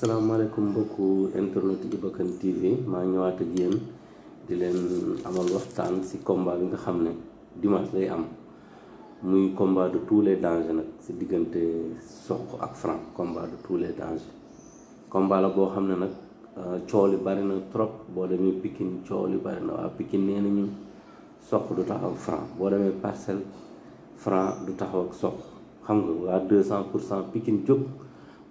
salaamaaleykum mbokku internet Iba Kane TV maa ñëwaat ak yéen di leen amal waxtaan ci combat bi nga xam ne dimanche lay am muy combat de tous les dangers nag ci diggante Sokh ak Franc combat de tous les dangers combat la boo xam ne nag euh, coow li bari na trop boo demee Pikine coow li bari na waa Pikine nee nañu Sokh du taxaw ak Franc boo demee Parcelles Franc du taxaw ak Sokh xam nga waa 200 pour cent jóg.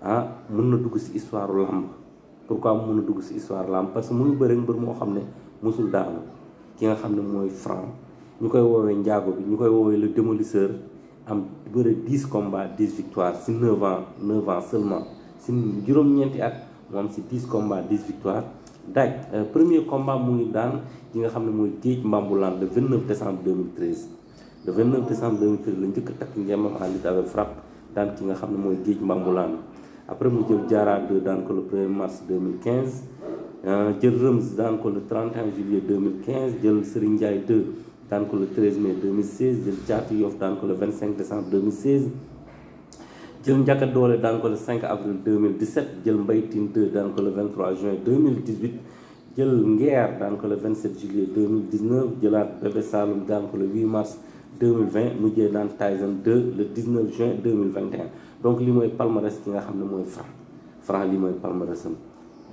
ah mën na dugg si histoire làmb pourquoi mu mën a dugg si histoire làmb parce que mënul bëre mbër moo xam ne mosul daanu ki nga xam ne mooy franc ñu koy woowee njaago bi ñu koy woowee le démolisseur am bëre dix combats dix victoires si neuf ans neuf ans seulement juróom-ñeenti at mu am si dix combats dix victoires daaj euh, premier combat mu ngi daan ki nga xam ne mooy géej mbambulaan le 29 décembre 2013 le 29 décembre 2013 la njëkk a takk ngembam en avec frappe daan ki nga xam ne mooy géej mbambulaan après mu jël Diarra 2 dans le 1er mars 2015 jël Rums dans ko le 31 euh, juillet 2015 jël Serigne Ndiaye 2 dans le 13 mai 2016 jël Thiatou dans le 25 décembre 2016 jël Ndiaka Doole daan ko le 5 avril 2017 jël Mbaye 2 dans le 23 juin 2018 jël Nguer dans ko le 27 juillet 2019 jëlaat Bébé Saloum daan le 8 mars 2020 mujjee dans Tyson 2 le 19 juin 2021 donc li mooy palmarès ki nga xam ne mooy Franc Franc li mooy palmarèsam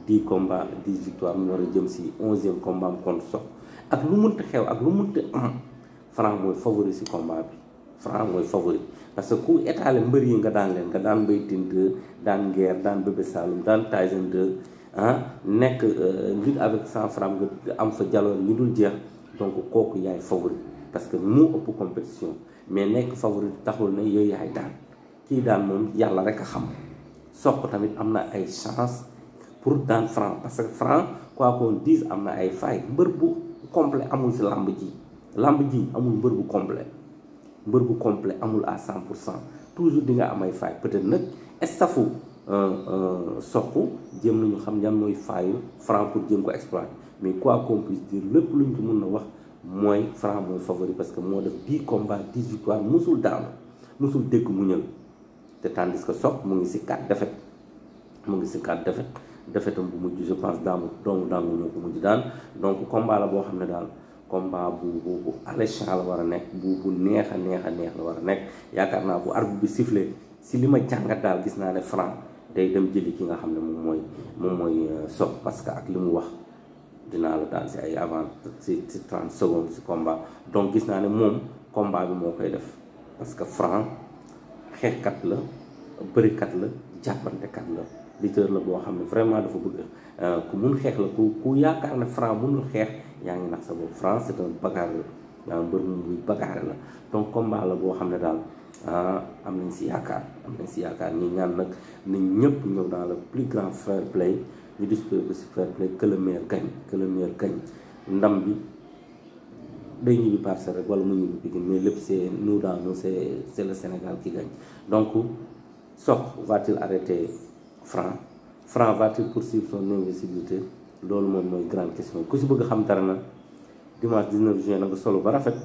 10 combats 10 victoires mu war a jëm 11e combat am contre Sokh ak lu qui xew ak lu mënta Franc mooy favori si combat bi Franc mooy favori parce que ku étaler mbër yi nga daan leen nga daan Mbaye 2 daan Guerre, daan Bébé Saloum daan Tyson 2 nek ah, nekk euh, lutte avec 100 francs nga am fa jaloon ñu dul jeex donc kooku yaay favori parce que moo ëpp compétition mais nekk favori taxul na yooyu yaay daan kii daan moom yàlla rek a xam soq tamit am na ay chance pour daan franc parce que franc quoi qu'on dise am na ay failles mbër bu complet amul si làmb ji làmb ji amul mbër bu complet mbër bu complet amul à 100 pour cent toujours di nga am ay failles peut-être nag estafu euh, euh, soq jëm nañu xam ñan mooy faayu franc pour jëm ko exploiter mais quoi qu'on puisse dire lépp luñ ko mën na wax. mooy Franc mooy favori parce que moo def 10 combats 10 victoires musul daanu musul dégg mu ñëw te tandis que Sokh mu ngi si 4 defet mu ngi si 4 defet défaite bu mujj je pense daamu doomu daangu moo ko mujj daan donc combat la boo xam ne daal combat bu bu bu alléchant la war a nekk bu bu neex a neex a neex la war a nekk yaakaar naa bu arbitre bi sifflé si li ma jàngat daal gis naa ne Franc day dem jëli ki nga xam ne moom mooy moom mooy euh, Sokh parce que ak li wax. dina la daan si ay avant si si trente secondes si combat donc gis naa ne moom combat bi moo koy def parce que Franc xeexkat la bërikat la jàppantekat la leader la boo xam ne vraiment dafa bëgg euh, ku mun xeex la ku ku yaakaar ne Franc mënul xeex yaa ngi nax sa bopp Franc c'est un bagarreur yaa mbër mu muy bagarre la donc combat la boo xam ne daal ah, am nañ si yaakaar am nañ si yaakaar ñi ñaan nag ni ñëpp ñëw dans le plus grand fair play Je dis ko que le meilleur gagne que le gagne ndam bi day rek wala nous dans nous le Sénégal qui gagne donc va-t-il arrêter Franc Franc va-t-il poursuivre son invisibilité? C'est une grande question si bëgg xam dara dimanche 19 juin solo ba rafet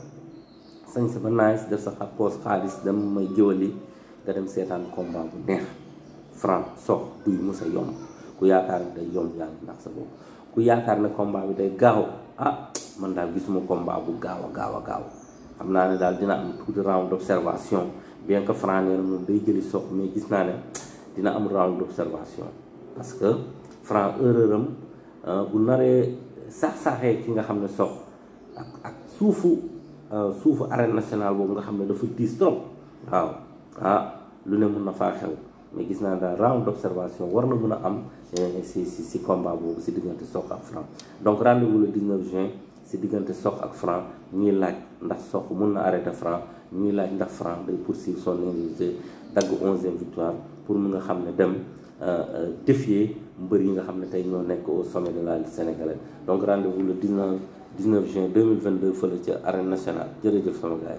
ba nice def sa combat Franc musa ku yaakaar day yomb yàlla ndax sa bopp ku yaakaar ne combat bi day gaaw ah man daal gisuma combat bu gaaw a gaaw a gaaw xam naa ne daal dina am tuuti round d'observation bien que Franc nee moom day jëli sox mais gis naa ne dina am round d'observation parce que Franc erreur euh, bu naree sax-saxee ki nga xam ne sox ak suufu euh, suufu arène national boobu nga xam ne dafa diis trop waaw ah, lu ne mun na faa xew mais y a un round d'observation war na a am eh, si pour si combat boobu si diggante Franc donc rendez-vous le 19 juin si diggante Sokh ak Franc ñuy laaj ndax Sokh mën na arrêter Franc ñuy laaj ndax Franc day poursuivre son invité dagg 11e victoire pour nga euh, euh, défier les yi nga xam ne au sommet de la lutte sénégalaise donc rendez-vous le 19 juin 2022 pour ca arène nationale sama gars